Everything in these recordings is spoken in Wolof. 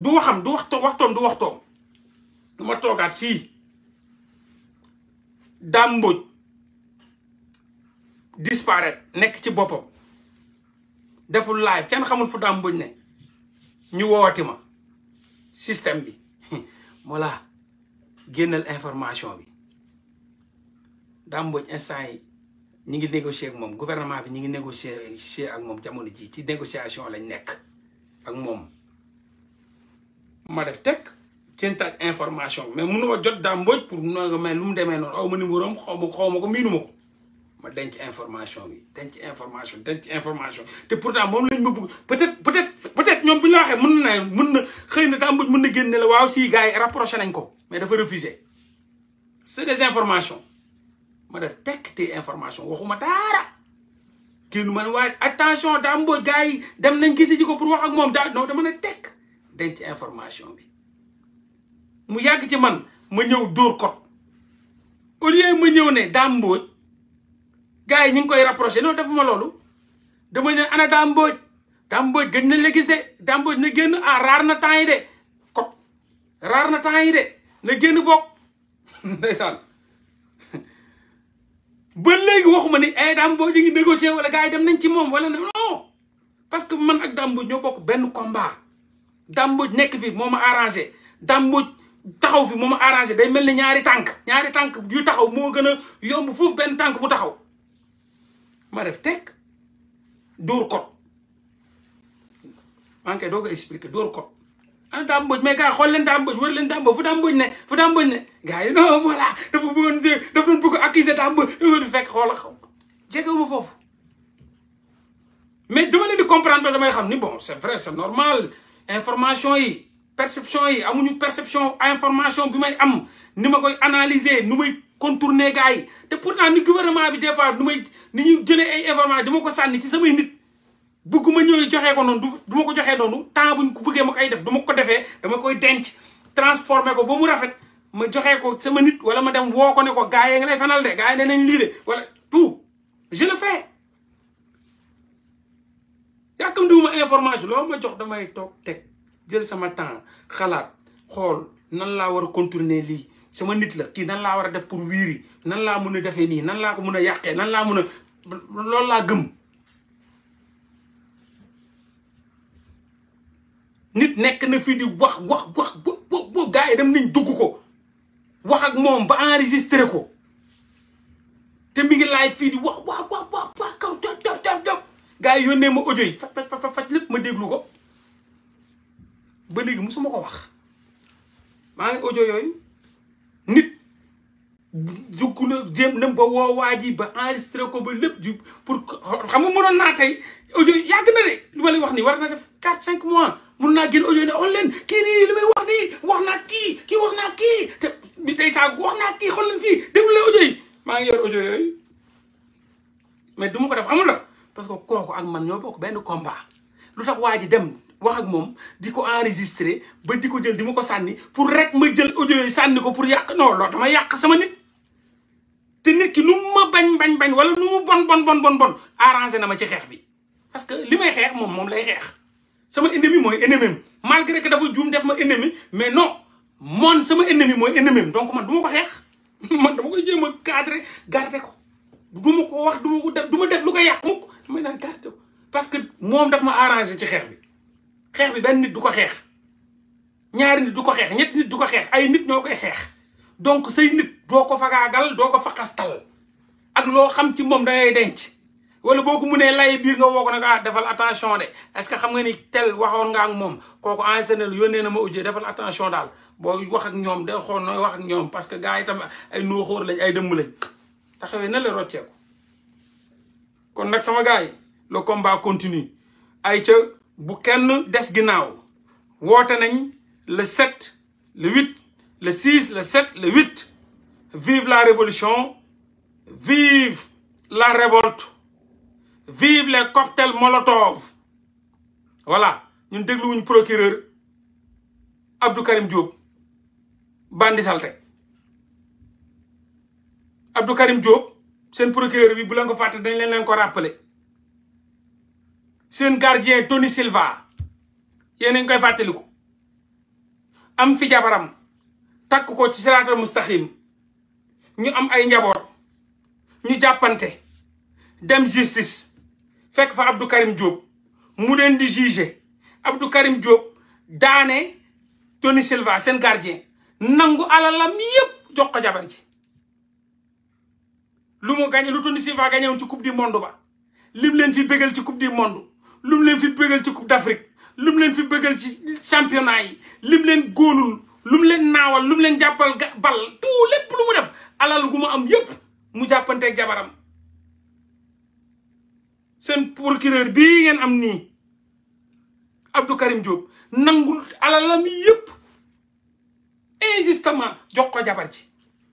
du waxam du waxto waxtoom du waxtoom ma toogaat fii Dame Mbodj nekk ci boppam deful live kenn xamul fu Dame Mbodj ne ñu woowati ma système bi voilà génnal information bi Dame Mbodj instant yi ñu ngi négocier ak moom gouvernement bi ñu ngi négocier ak moom jamono ji ci négociation lañ nekk ak moom ma def tek jënd ak information mais mënu ma jot daa mboj pour no mais lu mu demee noonu ma ma ko xaw ma ko information bi denc information denc information te pourtant moom lañ ma bëgg peut-être peut-être peut-être ñoom bu ñu la waxee mën na mën na xëy na daa mboj mën na génne la ma def tekk te information waxuma daara génn ma ne waaye attention daa mboj gars yi dem nañ gisi ji ko pour wax ak moom daa non dama ne denc information bi mu yàgg ci man ma ñëw dóor kot au lieu ma ñëw ne Dame Mbodj gars yi ñu koy rapproché non defuma loolu dama ne ana Dame Mbodj Dame Mbodj gën nañ la gis de Dame na génn ah raar na temps yi de kot na temps yi na génn bokk ndeysaan ba léegi waxuma ni ay eh, Dame Mbodj ngi négocier wala gars yi dem nañ ci moom wala non parce que man ak Dame Mbodj ñoo bokk benn combat Dame nekk fi moo ma arrangé Dame taxaw fi moo ma arrangé day mel ni ñaari tànk ñaari tànk yu taxaw moo gën a yomb foofu benn tànk bu taxaw ma def teg dóor kot maa ngi doog a expliqué dóor kot ana Dame Mbodj mais gars xool leen Dame wër leen Dame fu Dame ne fu Dame ne gars yi non dafa bëggoon dafa doon bëgg accuser Dame Mbodj du fekk xoola xaw jegewuma foofu mais dama leen di comprendre parce que may xam ni bon c'est vrai c'est normal information yi perception yi amuñu perception information bi may am ni ma koy analyser nu may contourner gars yi te pour pourtant ni gouvernement bi des fois nu may ni ñuy jëlee ay information dama ko sànni ci samay nit bëgguma ñëw joxee ko noonu du ma ko joxee noonu temps buñ ko bëggee ma koy def du ma ko defee dama koy denc transformer ko ba mu rafet ma joxee ko sama nit wala ma dem woo ko ne ko gars yi nga lay fanal de gars yi ne nañ lii de wala tout je le fais yàkkamtuwuma information loo ma jox damay toog teg jël sama temps xalaat xool nan laa war a contourner lii sama nit la kii nan laa war a def pour wiiri nan laa mun a defee nii nan laa ko mun a yàqee nan laa mun a loolu laa gëm nit nekk na fii di wax wax wax dem nañ dugg ko wax ak moom ba enregistré ko te mi ngi fii di wax waa waa waa gars yi yónnee ma audio yi faj faj faj faj lépp ma déglu ko ba léegi musuma ko wax maa ngi audio yooyu nit dugg na na ba woo waa ji ba enregistré ko ba lépp ju pour xam nga mënoon naa tey audio yàgg a de li ma lay wax nii war na def 4 5 mun naa génn audio ne oh, wax naa kii kii wax naa kii te bi tey wax naa kii xool leen fii déglu leen audio maa ngi yor audio yooyu du ma ko def xamul la parce que kooku ak man ñoo bokk benn combat lu tax waa ji dem wax ak moom di ko enregistré ba di ko jël di ma ko sànni pour rek ma jël audio yi sànni ko pour yàq non loolu dama yàq sama nit. te nit nu mu bañ bañ bañ wala nu mu bon bon bon bon bon na ma ci xeex bi parce que li may xeex moom moom lay xeex sama ennemi mooy ennemi malgré que dafa juum def ma ennemi mais non moon sama ennemi mooy ennemi donc man du ma ko xeex man dama koy jël ma cadré garder ko du ma ko wax du ma ko def du ma def lu ko yàq. naan Cardio parce que moom daf ma arrangé ci xeex bi xeex bi benn nit du ko xeex ñaari nit du ko xeex ñetti nit du ko xeex ay nit ñoo koy xeex donc say nit doo ko fagaagal doo ko faqastal ak loo xam ci moom dangay denc wala boo ko mënee lay biir nga woo ko nag ah defal attention de est que xam nga ni tel waxoon nga ak moom kooku enseigné lu yónnee na ma ujjee defal attention daal boo wax ak ñoom de xool nooy wax ak ñoom parce que gars yi tam ay nooxóor lañ ay dëmm lañ taxawee na la rocceeku kon nag sama gars le combat continue ay ca bu kenn des ginnaaw woote nañ le 7 le 8 le 6 le 7 le 8 vive la révolution vive la révolte vive les cocktails molotov voilà ñun dégluwuñ procureur Abdou Karim Diop bandi salte Abdou Karim seen procureur bi bu leen ko fàtte dañ leen leen ko rappeler seen gardien Tony Silva yéen a ngi koy fàttaliku am fi jabaram takk ko ci siraatal mustaxim ñu am ay njaboot ñu jàppante dem justice fekk fa Abdou Karim jóob mu leen di juger Abdou Karim jóob daane Tony Silva seen gardien nangu alalam yépp jox ko jabar ji lu mu gagné lu Tunisie va gagné woon ci coupe du monde ba lim leen fi bëggal ci coupe du monde lim leen fi bëggal ci coupe d'Afrique lim leen fi bëggal ci championnat yi lim leen góolul lum leen naawal lu leen jàppal bal tout lépp lu mu def alal gu mu am yépp mu jàppanteeg jabaram seen procureur bii ngeen am nii Abdou Karim Diop nangul alalam yépp injustement jox ko jabar ci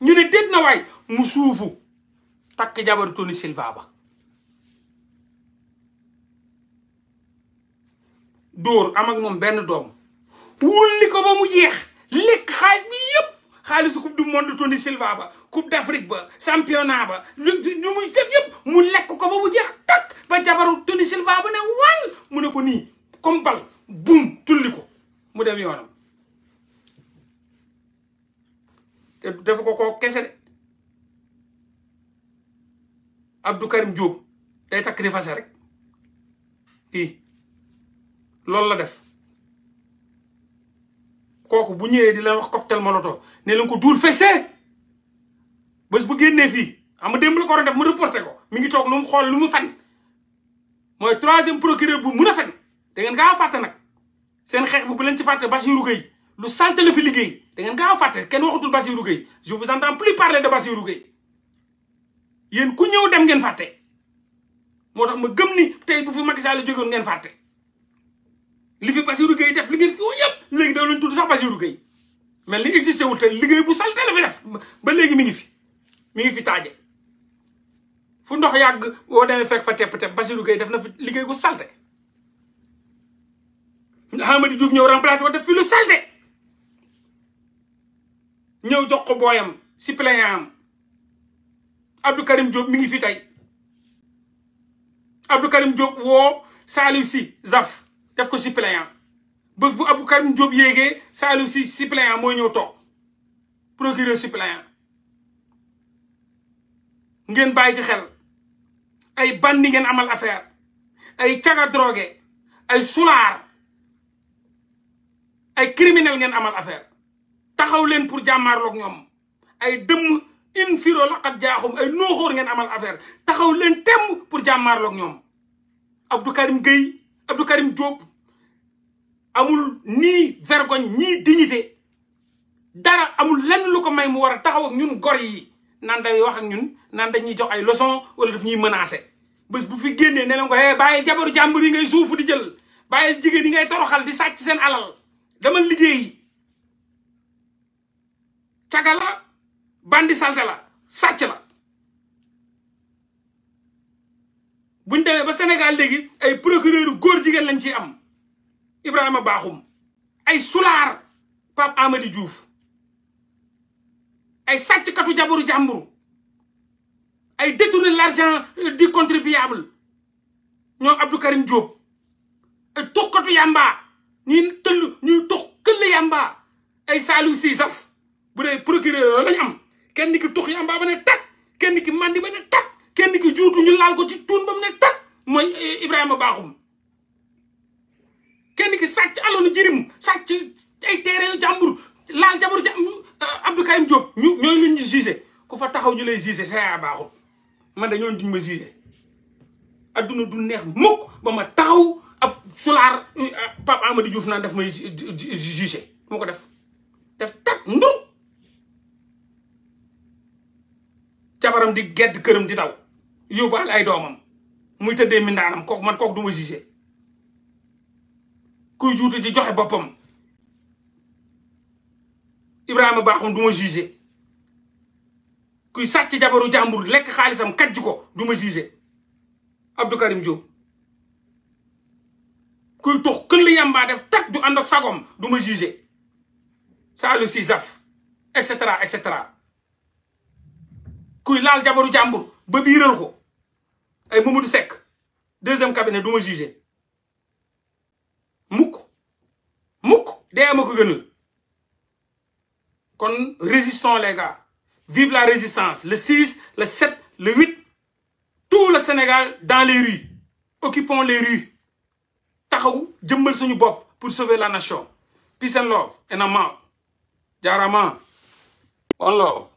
ñu ne déet na waay mu suufu takk jabaru Tony Silva ba dóor am moom benn doom wulli ko ba mu jeex lekk xaalis bi yëpp xaalisu coupe du monde Tony Silva ba coupe d'Afrique ba championnat ba lu muy def yëpp mu lekk ko ba mu jeex takk ba jabaru Tony Silva ba ne wàll mu ne ko nii comme bal buum tulli ko mu dem ko kese de Abdou Karim Diop day takk di rek kii loolu la def kooku bu ñëwee di la wax cocktail molotov ne leen ko duul fese bés bu génnee fii xam nga démb la def mu reporté ko mi ngi toog lu mu xool lu mu fen mooy troisième procureur bu mun a fen da ngeen kaa fàtte nag seen xeex bi bu leen ci fàtte Bassirou Gueye lu salte la fi liggéey da ngeen kaa fàtte kenn waxatul Bassirou Gueye je vous entends plus parler de Bassirou Gueye yéen ku ñëw dem ngeen fàtte moo tax ma gëm ni tey bu fi Macky Sall jógewoon ngeen fàtte li fi si Gueye def li ngeen fi yëpp léegi da luñ tudd sax Bassirou Gueye mel ni existé wul liggéey bu salte la fi ba léegi mi ngi fi mi ngi fi taaje fu ndox yàgg boo demee fekk fa tepp tepp Bassirou Gueye def na fi liggéey bu salte Hamadi Diouf ñëw remplacé ko def fi lu salte ñëw jox ko booyam suppléant am Abdou Karim Diop mi ngi fi tey Abdou Karim Diop woo Saliou Sy Zaf def ko suppléant ba bu Abdou Karim Diop yéegee Saliou Sy suppléant mooy ñëw toog procureur suppléant ngeen bàyyi ci xel ay bandi ngeen amal affaire ay caga drogué ay sulaar ay criminel ngeen amal affaire taxaw leen pour jàmmaarloog ñoom ay dëmm in firo laqat jaaxum ay nooxóor ngeen amal affaire taxaw leen temm pour jàmmaarloog ñoom Abdou Karim Gueye Abdou Karim Diop amul nii vergogne ñii dignité dara amul lenn lu ko may mu war a taxaw ak ñun gor yi naan day wax ak ñun naan dañuy jox ay leçon wala daf ñuy menacé bés bu fi génnee ne leen ko hee eh, bàyyil jabaru jàmbur yi ngay suufu di jël bàyyil jigéen yi ngay toroxal di sàcc seen alal dama liggéeyi cagala bandi salte la sàcc la buñ demee ba Sénégal léegi ay procureur góor jigéen lañ ci am Ibrahima Bakhoum ay sulaar Pape Amady Diouf ay sàcckatu jaboru jàmbur ay détourner l'argent euh, du contribuable ñoom Abdou Karim Diop ay tuxkatu yàmbaa ñuy tëll ñuy tux këll yàmbaa ay Saliou Sy Saf bu dee procureur lañ am kenn di ki tux yàmbaa ba ne tag kenn ki mandi ba ne tag kenn di ki juutu ñu laal ko ci tuun ba mu ne tag mooy eh, a Bakhoum kenn ki sàcc alalu jirim sàcc ay teere jàmbur laal jabaru jàmbur eh, Abdou Karim Diop ñu ñooñu lañ ku fa taxaw ñu lay jugé sa yaay baaxul man de ñooñu duñ ma jugé adduna du neex mukk ba ma taxaw ab sulaar eh, Pape Amady Diouf naan daf may jugé moo ko def def tag ndur jabaram di gedd këram di daw yóbbaale ay doomam muy tëddee mindaanam kooku man kooku du ma gisee kuy juutu di joxe boppam Ibrahima Bakhoum du ma gisee kuy sàcc jabaru jàmbur lekk xaalisam kajj ko du ma gisee Abdou Karim Diop kuy tux këll yàmbaa def tag du ànd ak sagom du ma gisee ça le sisaf et cetera et cetera kuy laal jabaru jàmbur ba biiral ko ay Mamadou Seck deuxième cabinet du ma jugé mukk mukk dee ma ko gënal kon résistons les ga vive la résistance le 6 le 7 le 8 tout le Sénégal dans les rues occupons les rues taxaw jëmbal suñu bopp pour sauver la nation peace and love and a jaarama one love